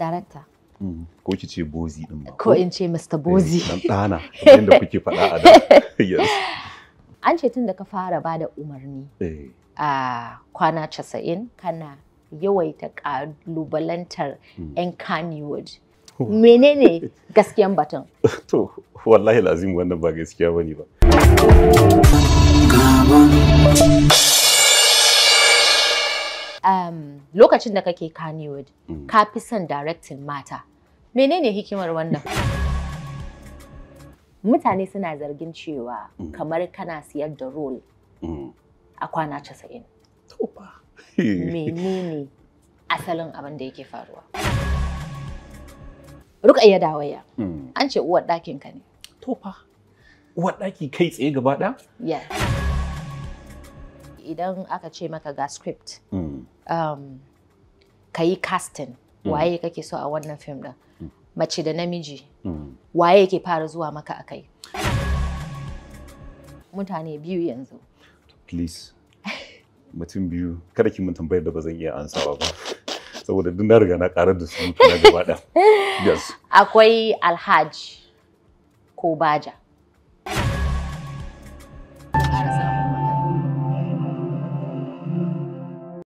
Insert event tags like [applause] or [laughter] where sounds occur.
Darakta. Mm, ko ki ce Bozi din ba. Ko in ce Mr. Eh, Bozi. Dan ɗana yadda kuke faɗa a da. [laughs] An ce tun da ka fara ba da umarni eh. a kwana casa'in kana yawaita ƙalubalantar 'yan mm. Kannywood. Menene [laughs] gaskiyan batun? To, wallahi lazim wannan ba gaskiya bane ba. Um, lokacin da kake Kannywood, mm. ka fi son directing mata. Menene hikimar wannan? Mutane suna zargin cewa mm. kamar kana siyar da role mm. a kwana casa'in. [laughs] Menene asalin abin da yake faruwa? Rukayya dawaya, an ce uwar ka ne. Tofa, uwar ɗaki kai tsaye gaba ɗaya? Yes. idan aka ce maka ga script mm. um, ka yi casting mm. waye kake so a wannan fim din mm. mace da namiji waye ke fara zuwa maka akai mutane biyu yanzu please [laughs] mutum biyu kada ki mun tambayar da ba zan iya ansawa ba saboda duk na riga na karar da su na gaba [laughs] yes akwai alhaji ko baja